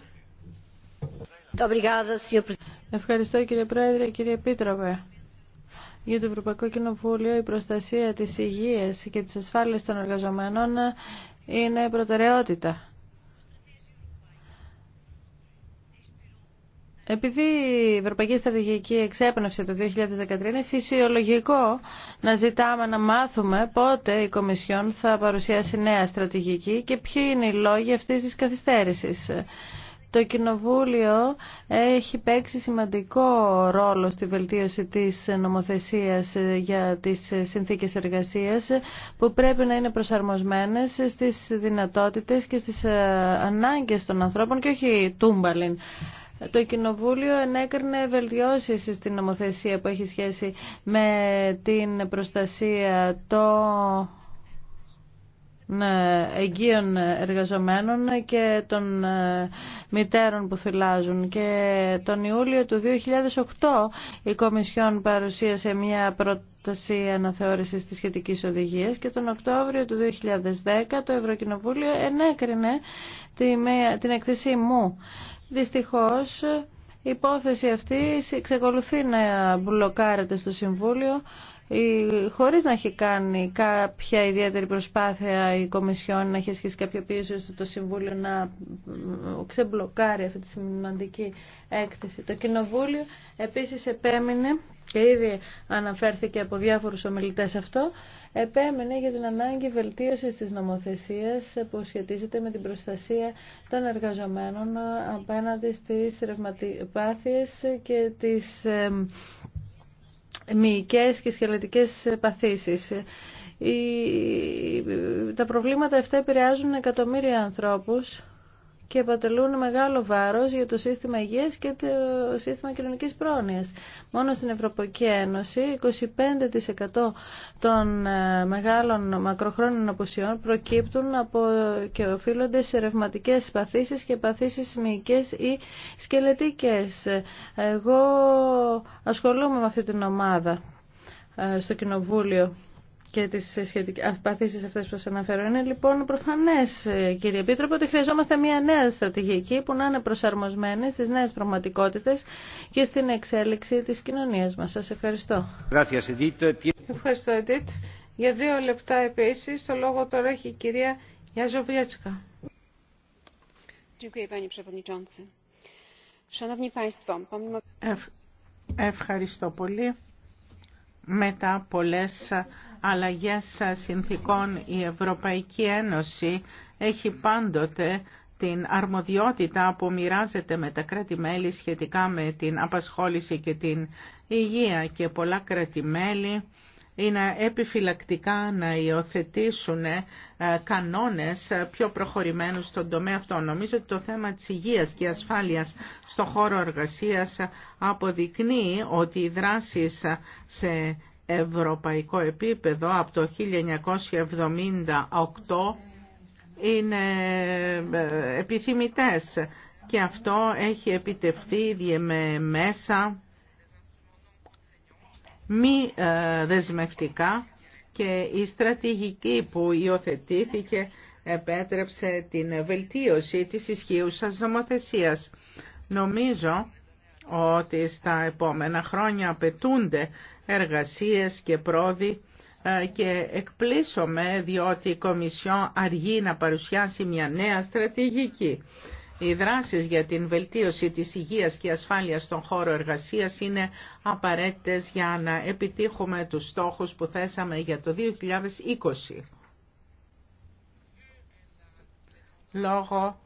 Ευχαριστώ κύριε Πρόεδρε, κύριε Επίτροπε. Για το Ευρωπαϊκό Κοινοβούλιο η προστασία της υγείας και της ασφάλειας των εργαζομένων είναι προτεραιότητα. Επειδή η Ευρωπαϊκή Στρατηγική εξέπνευσε το 2013, είναι φυσιολογικό να ζητάμε να μάθουμε πότε η Κομισιόν θα παρουσιάσει νέα στρατηγική και ποιοι είναι οι λόγοι αυτής της καθυστέρησης. Το Κοινοβούλιο έχει παίξει σημαντικό ρόλο στη βελτίωση της νομοθεσίας ε, για τις ε, συνθήκες εργασίας που πρέπει να είναι προσαρμοσμένες στις δυνατότητες και στις ε, ανάγκες των ανθρώπων και όχι τούμπαλιν. Το Κοινοβούλιο ενέκρινε βελτιώσεις στην νομοθεσία που έχει σχέση με την προστασία των ναι, εγγύων εργαζομένων και των ε, μητέρων που θυλάζουν. Και τον Ιούλιο του 2008 η Κομισιόν παρουσίασε μια πρόταση αναθεώρησης της σχετικής οδηγίας και τον Οκτώβριο του 2010 το Ευρωκοινοβούλιο ενέκρινε την εκθεσή μου. Δυστυχώς η υπόθεση αυτή εξακολουθεί να μπλοκάρεται στο Συμβούλιο χωρίς να έχει κάνει κάποια ιδιαίτερη προσπάθεια η Κομισιόν να έχει ασχίσει κάποιο πίεση ώστε το Συμβούλιο να ξεμπλοκάρει αυτή τη σημαντική έκθεση. Το Κοινοβούλιο επίσης επέμεινε και ήδη αναφέρθηκε από διάφορους ομιλητές αυτό, επέμεινε για την ανάγκη βελτίωσης της νομοθεσίας που σχετίζεται με την προστασία των εργαζομένων απέναντι στις ρευματιπάθειες και τις μυϊκές και σχελετικές παθήσεις. Τα προβλήματα αυτά επηρεάζουν εκατομμύρια ανθρώπους και αποτελούν μεγάλο βάρος για το σύστημα υγείας και το σύστημα κοινωνικής πρόνοιας. Μόνο στην Ευρωπαϊκή Ένωση 25% των ε, μεγάλων μακροχρόνων αποσιών προκύπτουν από και οφείλονται σε ρευματικές παθήσεις και παθήσεις μυϊκές ή σκελετικές. Εγώ ασχολούμαι με αυτή την ομάδα ε, στο Κοινοβούλιο και τις σχετικές παθήσεις αυτές που σας αναφέρω. Είναι λοιπόν προφανές, ε, κύριε Επίτροπο, ότι χρειαζόμαστε μια νέα στρατηγική που να είναι προσαρμοσμένη στις νέες πραγματικότητες και στην εξέλιξη της κοινωνίας μας. Σας ευχαριστώ. Ευχαριστώ, Εντίτ. Για δύο λεπτά επίση, το λόγο τώρα έχει η κυρία Γιαζοβιέτσκα. Ευχαριστώ πολύ. Μετά πολλές αλλαγές συνθήκων η Ευρωπαϊκή Ένωση έχει πάντοτε την αρμοδιότητα που μοιράζεται με τα κράτη-μέλη σχετικά με την απασχόληση και την υγεία και πολλά κράτη-μέλη είναι επιφυλακτικά να υιοθετήσουν ε, κανόνες πιο προχωρημένους στον τομέα αυτό. Νομίζω ότι το θέμα της υγείας και ασφάλειας στον χώρο εργασίας αποδεικνύει ότι οι δράσεις σε ευρωπαϊκό επίπεδο από το 1978 είναι ε, επιθυμητές και αυτό έχει επιτευχθεί με μέσα μη ε, δεσμευτικά και η στρατηγική που υιοθετήθηκε επέτρεψε την βελτίωση της ισχύουσας νομοθεσίας. Νομίζω ότι στα επόμενα χρόνια απαιτούνται εργασίες και πρόδι ε, και εκπλήσωμε διότι η Κομισιόν αργεί να παρουσιάσει μια νέα στρατηγική. Οι δράσεις για την βελτίωση της υγείας και ασφάλειας στον χώρο εργασίας είναι απαραίτητες για να επιτύχουμε τους στόχους που θέσαμε για το 2020. Λόγω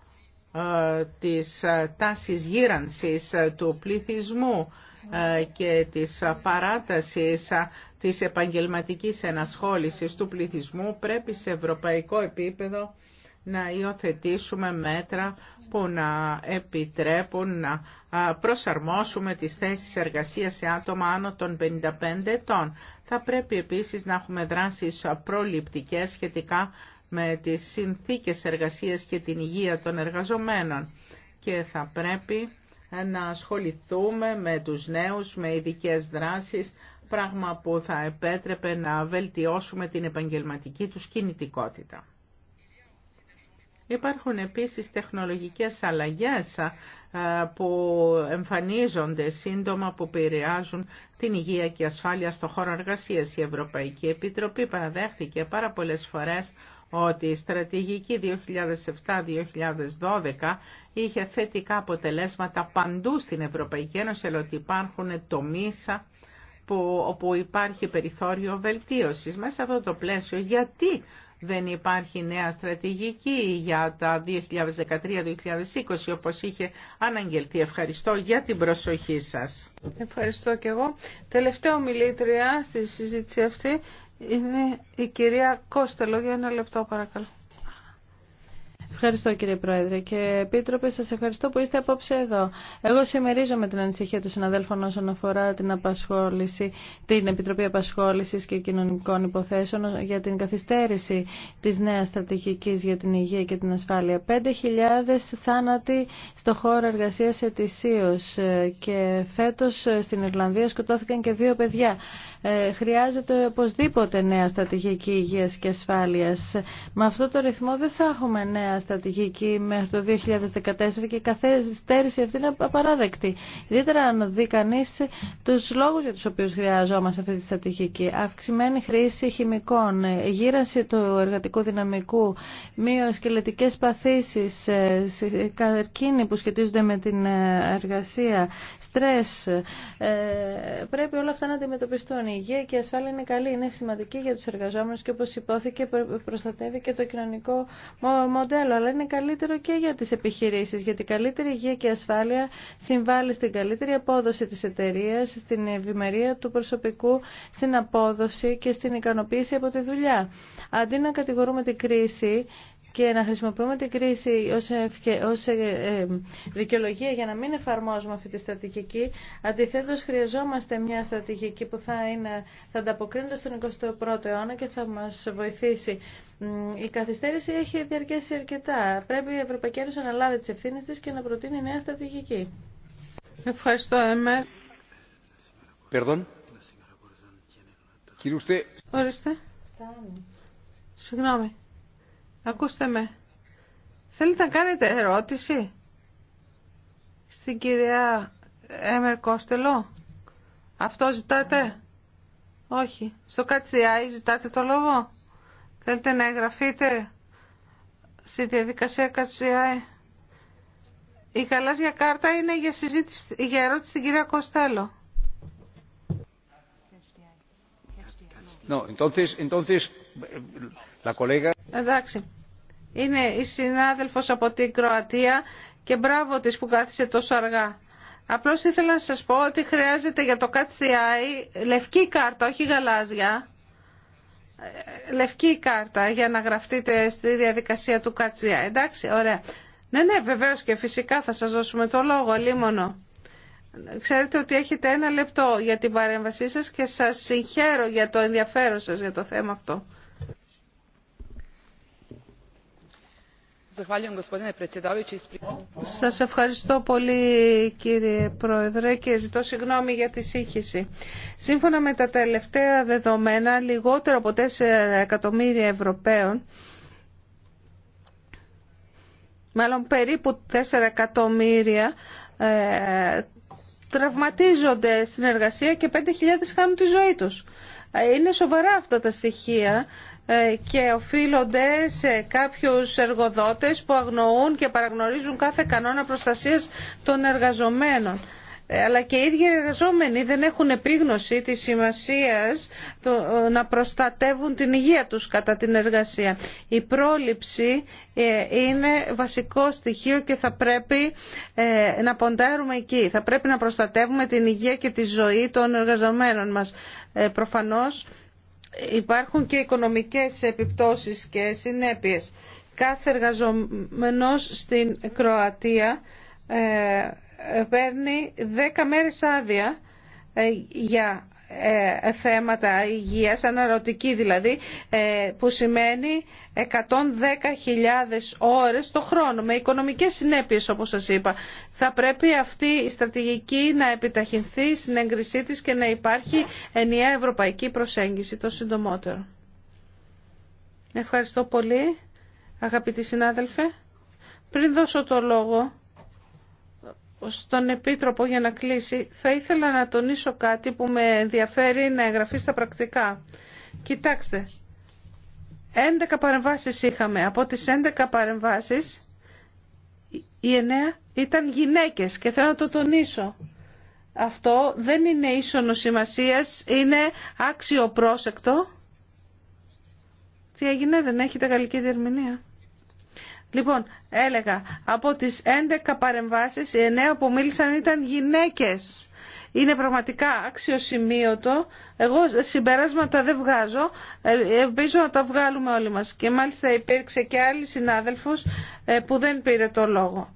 ε, της ε, τάσης γύρανσης ε, του πληθυσμού ε, και της παράτασης της επαγγελματικής ενασχόλησης του πληθυσμού πρέπει σε ευρωπαϊκό επίπεδο να υιοθετήσουμε μέτρα που να επιτρέπουν να προσαρμόσουμε τις θέσεις εργασίας σε άτομα άνω των 55 ετών. Θα πρέπει επίσης να έχουμε δράσεις προληπτικές σχετικά με τις συνθήκες εργασίας και την υγεία των εργαζομένων και θα πρέπει να ασχοληθούμε με τους νέους, με ειδικέ δράσεις, πράγμα που θα επέτρεπε να βελτιώσουμε την επαγγελματική τους κινητικότητα. Υπάρχουν επίσης τεχνολογικές αλλαγές που εμφανίζονται σύντομα που επηρεάζουν την υγεία και ασφάλεια στο χώρο εργασίας. Η Ευρωπαϊκή Επιτροπή παραδέχθηκε πάρα πολλές φορές ότι η στρατηγική 2007-2012 είχε θετικά αποτελέσματα παντού στην Ευρωπαϊκή Ένωση, αλλά ότι υπάρχουν τομείς που, όπου υπάρχει περιθώριο βελτίωσης. Μέσα σε αυτό το πλαίσιο, γιατί δεν υπάρχει νέα στρατηγική για τα 2013-2020 όπως είχε αναγγελθεί. Ευχαριστώ για την προσοχή σας. Ευχαριστώ και εγώ. Τελευταία ομιλήτρια στη συζήτηση αυτή είναι η κυρία Κώστελο. Για ένα λεπτό παρακαλώ. Ευχαριστώ κύριε Πρόεδρε και Επίτροπε, σας ευχαριστώ που είστε απόψε εδώ. Εγώ συμμερίζομαι την ανησυχία του συναδέλφων όσον αφορά την απασχόληση, την Επιτροπή Απασχόλησης και Κοινωνικών Υποθέσεων για την καθυστέρηση της νέας στρατηγικής για την υγεία και την ασφάλεια. 5.000 θάνατοι στο χώρο εργασίας ετησίως και φέτος στην Ιρλανδία σκοτώθηκαν και δύο παιδιά. Ε, χρειάζεται οπωσδήποτε νέα στρατηγική υγείας και ασφάλειας. Με αυτό το ρυθμό δεν θα έχουμε νέα στρατηγική μέχρι το 2014 και η στέρηση αυτή είναι απαράδεκτη. Ιδιαίτερα αν δει κανεί του λόγου για του οποίου χρειαζόμαστε αυτή τη στρατηγική. Αυξημένη χρήση χημικών, γύραση του εργατικού δυναμικού, μειοσκελετικέ παθήσει, ε, καρκίνοι που σχετίζονται με την ε, εργασία, στρε. Ε, πρέπει όλα αυτά να αντιμετωπιστούν. Η υγεία και η ασφάλεια είναι καλή, είναι σημαντική για του εργαζόμενου και όπω υπόθηκε προστατεύει και το κοινωνικό μοντέλο αλλά είναι καλύτερο και για τις επιχειρήσεις, γιατί καλύτερη υγεία και ασφάλεια συμβάλλει στην καλύτερη απόδοση της εταιρεία, στην ευημερία του προσωπικού, στην απόδοση και στην ικανοποίηση από τη δουλειά. Αντί να κατηγορούμε την κρίση, και να χρησιμοποιούμε την κρίση ως, ευκαι... Ε, ε, δικαιολογία για να μην εφαρμόζουμε αυτή τη στρατηγική. Αντιθέτως, χρειαζόμαστε μια στρατηγική που θα, είναι... θα ανταποκρίνεται στον 21ο αιώνα και θα μας βοηθήσει. Η καθυστέρηση έχει διαρκέσει αρκετά. Πρέπει η Ευρωπαϊκή Ένωση να λάβει τις ευθύνες της και να προτείνει νέα στρατηγική. Ευχαριστώ, Εμέρ. Συγγνώμη. Ακούστε με. Θέλετε να κάνετε ερώτηση στην κυρία Έμερ Κώστελο. Αυτό ζητάτε. Όχι. Στο Κατσιάι ζητάτε το λόγο. Θέλετε να εγγραφείτε στη διαδικασία Κατσιάι. Η γαλάζια κάρτα είναι για, συζήτηση, για ερώτηση στην κυρία Κοστέλο. No, entonces, entonces... Εντάξει. Είναι η συνάδελφος από την Κροατία και μπράβο της που κάθισε τόσο αργά. Απλώς ήθελα να σας πω ότι χρειάζεται για το CATCI λευκή κάρτα, όχι γαλάζια. Ε, λευκή κάρτα για να γραφτείτε στη διαδικασία του CATCI. Εντάξει, ωραία. Ναι, ναι, βεβαίως και φυσικά θα σας δώσουμε το λόγο, λίμωνο. Ξέρετε ότι έχετε ένα λεπτό για την παρέμβασή σας και σας συγχαίρω για το ενδιαφέρον σα για το θέμα αυτό. Σας ευχαριστώ πολύ κύριε Πρόεδρε και ζητώ συγγνώμη για τη σύγχυση. Σύμφωνα με τα τελευταία δεδομένα, λιγότερο από 4 εκατομμύρια Ευρωπαίων, μάλλον περίπου 4 εκατομμύρια, ε, τραυματίζονται στην εργασία και 5.000 χάνουν τη ζωή τους. Ε, είναι σοβαρά αυτά τα στοιχεία ε, και οφείλονται σε κάποιους εργοδότες που αγνοούν και παραγνωρίζουν κάθε κανόνα προστασίας των εργαζομένων. Ε, αλλά και οι ίδιοι εργαζόμενοι δεν έχουν επίγνωση της σημασίας ε, να προστατεύουν την υγεία τους κατά την εργασία. Η πρόληψη είναι βασικό στοιχείο και θα πρέπει να ποντάρουμε εκεί. Θα πρέπει να προστατεύουμε την υγεία και τη ζωή των εργαζομένων μας. Προφανώς υπάρχουν και οικονομικές επιπτώσεις και συνέπειες. Κάθε εργαζομενός στην Κροατία ε, παίρνει 10 μέρες άδεια ε, για ε, θέματα υγείας, αναρωτική δηλαδή, ε, που σημαίνει 110.000 ώρες το χρόνο, με οικονομικές συνέπειες όπως σας είπα. Θα πρέπει αυτή η στρατηγική να επιταχυνθεί στην έγκρισή της και να υπάρχει ενιαία ευρωπαϊκή προσέγγιση το συντομότερο. Ευχαριστώ πολύ, αγαπητοί συνάδελφοι. Πριν δώσω το λόγο στον Επίτροπο για να κλείσει, θα ήθελα να τονίσω κάτι που με ενδιαφέρει να εγγραφεί στα πρακτικά. Κοιτάξτε, 11 παρεμβάσεις είχαμε. Από τις 11 παρεμβάσεις, οι 9 ήταν γυναίκες και θέλω να το τονίσω. Αυτό δεν είναι ίσονο σημασία, είναι άξιο πρόσεκτο. Τι έγινε, δεν έχετε γαλλική διερμηνία. Λοιπόν, έλεγα, από τις 11 παρεμβάσεις, οι 9 που μίλησαν ήταν γυναίκες. Είναι πραγματικά αξιοσημείωτο. Εγώ συμπεράσματα δεν βγάζω. Ε, ελπίζω να τα βγάλουμε όλοι μας. Και μάλιστα υπήρξε και άλλη συνάδελφος ε, που δεν πήρε το λόγο.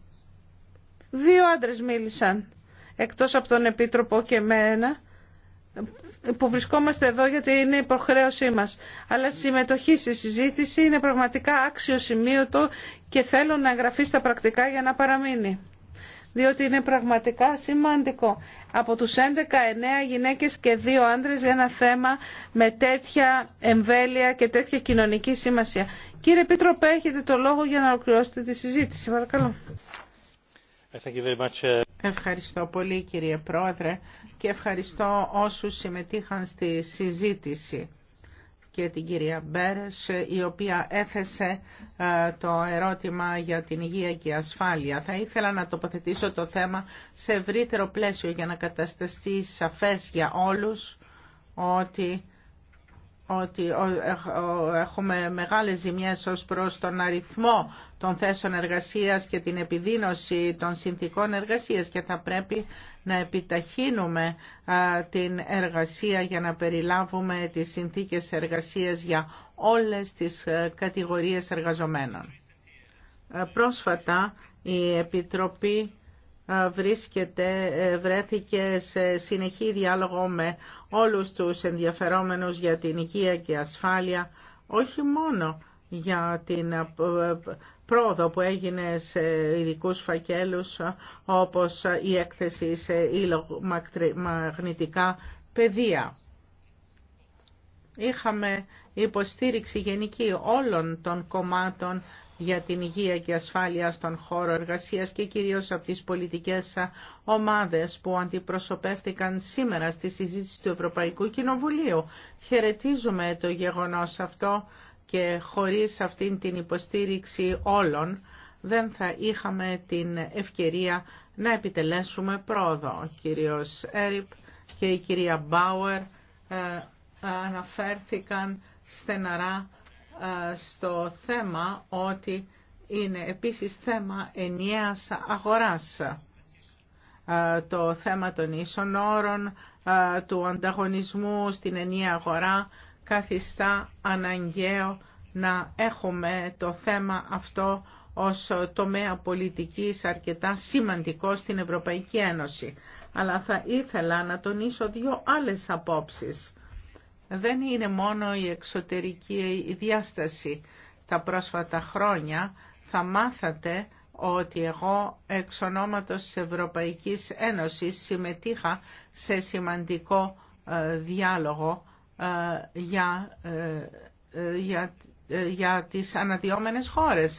Δύο άντρες μίλησαν, εκτός από τον Επίτροπο και εμένα που βρισκόμαστε εδώ γιατί είναι υποχρέωσή μας. Αλλά συμμετοχή στη συζήτηση είναι πραγματικά άξιο σημείωτο και θέλω να εγγραφεί στα πρακτικά για να παραμείνει. Διότι είναι πραγματικά σημαντικό. Από τους 11, 9 γυναίκες και 2 άντρες για ένα θέμα με τέτοια εμβέλεια και τέτοια κοινωνική σημασία. Κύριε Πίτροπε, έχετε το λόγο για να ολοκληρώσετε τη συζήτηση. Παρακαλώ. Uh, ευχαριστώ πολύ κύριε Πρόεδρε και ευχαριστώ όσους συμμετείχαν στη συζήτηση και την κυρία Μπέρες η οποία έθεσε ε, το ερώτημα για την υγεία και ασφάλεια. Θα ήθελα να τοποθετήσω το θέμα σε ευρύτερο πλαίσιο για να κατασταθεί σαφές για όλους ότι ότι έχουμε μεγάλες ζημιές ως προς τον αριθμό των θέσεων εργασίας και την επιδείνωση των συνθήκων εργασίας και θα πρέπει να επιταχύνουμε την εργασία για να περιλάβουμε τις συνθήκες εργασίας για όλες τις ε, κατηγορίες εργαζομένων. Ε, πρόσφατα η Επιτροπή βρίσκεται, ε, βρέθηκε σε συνεχή διάλογο με όλους τους ενδιαφερόμενους για την οικία και ασφάλεια, όχι μόνο για την ε, πρόοδο που έγινε σε ειδικού φακέλους ε, όπως η έκθεση σε υλομαγνητικά πεδία. Είχαμε υποστήριξη γενική όλων των κομμάτων για την υγεία και ασφάλεια στον χώρο εργασίας και κυρίως από τις πολιτικές ομάδες που αντιπροσωπεύτηκαν σήμερα στη συζήτηση του Ευρωπαϊκού Κοινοβουλίου. Χαιρετίζουμε το γεγονός αυτό και χωρίς αυτήν την υποστήριξη όλων δεν θα είχαμε την ευκαιρία να επιτελέσουμε πρόοδο. Ο κύριος Έριπ και η κυρία Μπάουερ ε, αναφέρθηκαν στεναρά ε, στο θέμα ότι είναι επίσης θέμα ενιαίας αγοράς. Ε, το θέμα των ίσων όρων, ε, του ανταγωνισμού στην ενιαία αγορά καθιστά αναγκαίο να έχουμε το θέμα αυτό ως τομέα πολιτικής αρκετά σημαντικό στην Ευρωπαϊκή Ένωση. Αλλά θα ήθελα να τονίσω δύο άλλες απόψεις δεν είναι μόνο η εξωτερική διάσταση. Τα πρόσφατα χρόνια θα μάθατε ότι εγώ εξ ονόματος της Ευρωπαϊκής Ένωσης συμμετείχα σε σημαντικό ε, διάλογο ε, για, ε, για, για τις αναδυόμενες χώρες.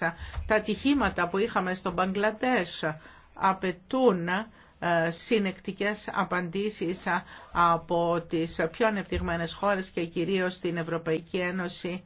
Τα ατυχήματα που είχαμε στο Μπαγκλαντές απαιτούν ε, συνεκτικές απαντήσεις από τις πιο ανεπτυγμένες χώρες και κυρίως την Ευρωπαϊκή Ένωση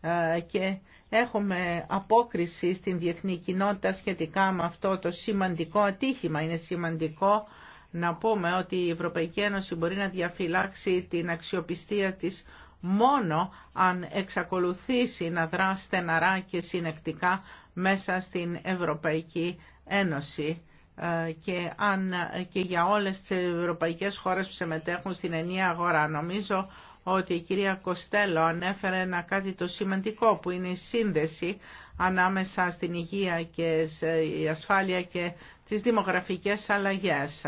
ε, και έχουμε απόκριση στην διεθνή κοινότητα σχετικά με αυτό το σημαντικό ατύχημα. Είναι σημαντικό να πούμε ότι η Ευρωπαϊκή Ένωση μπορεί να διαφυλάξει την αξιοπιστία της μόνο αν εξακολουθήσει να δρά στεναρά και συνεκτικά μέσα στην Ευρωπαϊκή Ένωση ε, και, αν, για όλες τις ευρωπαϊκές χώρες που συμμετέχουν στην ενία αγορά. Νομίζω ότι η κυρία Κοστέλο ανέφερε ένα κάτι το σημαντικό που είναι η σύνδεση ανάμεσα στην υγεία και η ασφάλεια και τις δημογραφικές αλλαγές.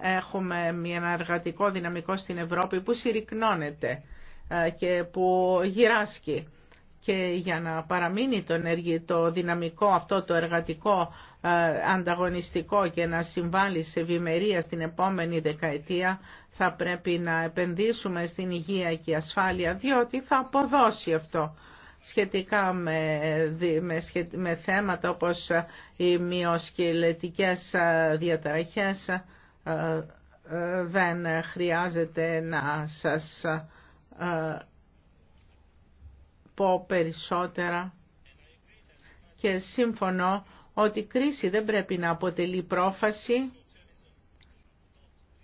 Έχουμε μια εργατικό δυναμικό στην Ευρώπη που συρρυκνώνεται ε, και που γυράσκει και για να παραμείνει το το δυναμικό αυτό το εργατικό ε, ανταγωνιστικό και να συμβάλλει σε ευημερία στην επόμενη δεκαετία θα πρέπει να επενδύσουμε στην υγεία και ασφάλεια διότι θα αποδώσει αυτό σχετικά με, με, με θέματα όπως οι μειοσκελετικές ε, διαταραχές ε, δεν χρειάζεται να σας πω περισσότερα και σύμφωνο ότι η κρίση δεν πρέπει να αποτελεί πρόφαση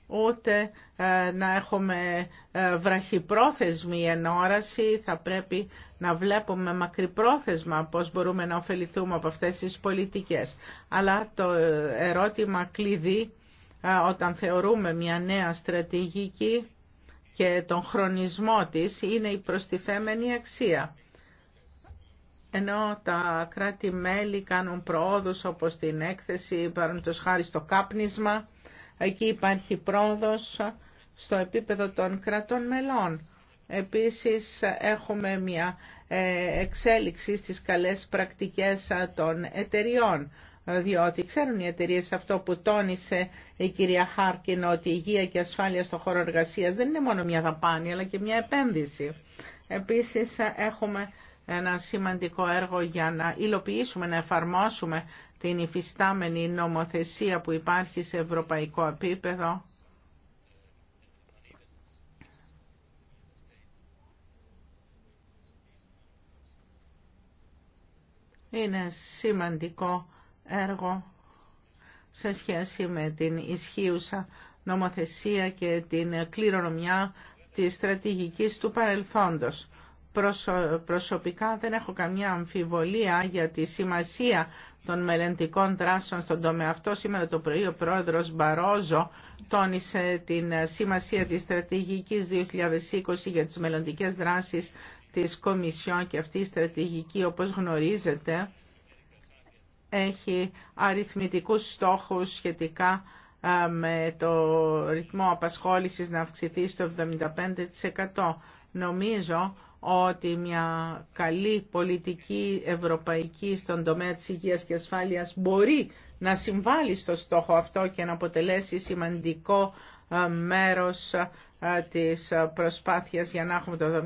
ούτε ε, να έχουμε ε, βραχυπρόθεσμη ενόραση, θα πρέπει να βλέπουμε μακρυπρόθεσμα πώς μπορούμε να ωφεληθούμε από αυτές τις πολιτικές. Αλλά το ε, ερώτημα κλειδί όταν θεωρούμε μια νέα στρατηγική και τον χρονισμό της είναι η προστιθέμενη αξία ενώ τα κράτη-μέλη κάνουν προόδους όπως την έκθεση, παρόντος χάρη στο κάπνισμα, εκεί υπάρχει πρόοδος στο επίπεδο των κρατών μελών. Επίσης έχουμε μια ε, εξέλιξη στις καλές πρακτικές ε, των εταιριών, διότι ξέρουν οι εταιρείε αυτό που τόνισε η κυρία Χάρκιν, ότι η υγεία και η ασφάλεια στο χώρο εργασίας δεν είναι μόνο μια δαπάνη, αλλά και μια επένδυση. Επίσης ε, έχουμε ένα σημαντικό έργο για να υλοποιήσουμε, να εφαρμόσουμε την υφιστάμενη νομοθεσία που υπάρχει σε ευρωπαϊκό επίπεδο. Είναι σημαντικό έργο σε σχέση με την ισχύουσα νομοθεσία και την κληρονομιά της στρατηγικής του παρελθόντος. Προσωπικά δεν έχω καμία αμφιβολία για τη σημασία των μελλοντικών δράσεων στον τομέα αυτό. Σήμερα το πρωί ο πρόεδρος Μπαρόζο τόνισε την σημασία της στρατηγικής 2020 για τις μελλοντικέ δράσεις της Κομισιόν και αυτή η στρατηγική όπως γνωρίζετε έχει αριθμητικούς στόχους σχετικά με το ρυθμό απασχόλησης να αυξηθεί στο 75%. Νομίζω ότι μια καλή πολιτική ευρωπαϊκή στον τομέα της υγείας και ασφάλειας μπορεί να συμβάλλει στο στόχο αυτό και να αποτελέσει σημαντικό ε, μέρος ε, της προσπάθειας για να έχουμε το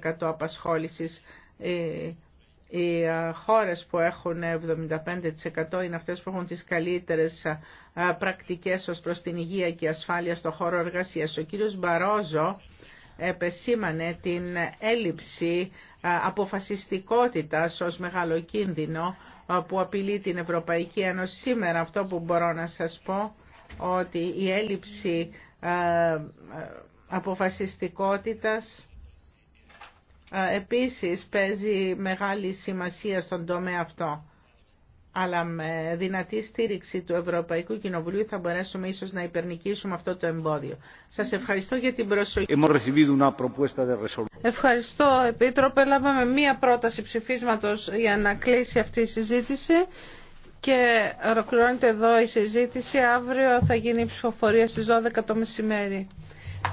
70% απασχόλησης. Ε, οι χώρες που έχουν 75% είναι αυτές που έχουν τις καλύτερες πρακτικές ως προς την υγεία και ασφάλεια στο χώρο εργασίας. Ο κύριος Μπαρόζο επεσήμανε την έλλειψη αποφασιστικότητας ως μεγάλο κίνδυνο που απειλεί την Ευρωπαϊκή Ένωση. Σήμερα αυτό που μπορώ να σας πω ότι η έλλειψη αποφασιστικότητας επίσης παίζει μεγάλη σημασία στον τομέα αυτό αλλά με δυνατή στήριξη του Ευρωπαϊκού Κοινοβουλίου θα μπορέσουμε ίσως να υπερνικήσουμε αυτό το εμπόδιο. Σας ευχαριστώ για την προσοχή. Ευχαριστώ, Επίτροπε. Λάβαμε μία πρόταση ψηφίσματος για να κλείσει αυτή η συζήτηση και ολοκληρώνεται εδώ η συζήτηση. Αύριο θα γίνει η ψηφοφορία στις 12 το μεσημέρι.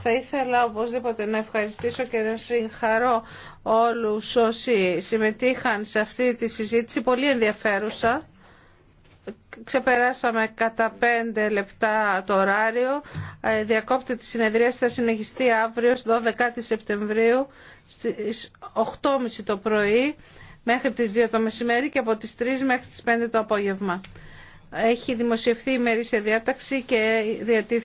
Θα ήθελα οπωσδήποτε να ευχαριστήσω και να συγχαρώ όλους όσοι συμμετείχαν σε αυτή τη συζήτηση, πολύ ενδιαφέρουσα. Ξεπεράσαμε κατά 5 λεπτά το ωράριο. Ε, Διακόπτη τη συνεδρία θα συνεχιστεί αύριο στις 12 Σεπτεμβρίου στις 8.30 το πρωί μέχρι τις 2 το μεσημέρι και από τις 3 μέχρι τις 5 το απόγευμα. Έχει δημοσιευθεί η μέρη σε διάταξη και διατίθεται.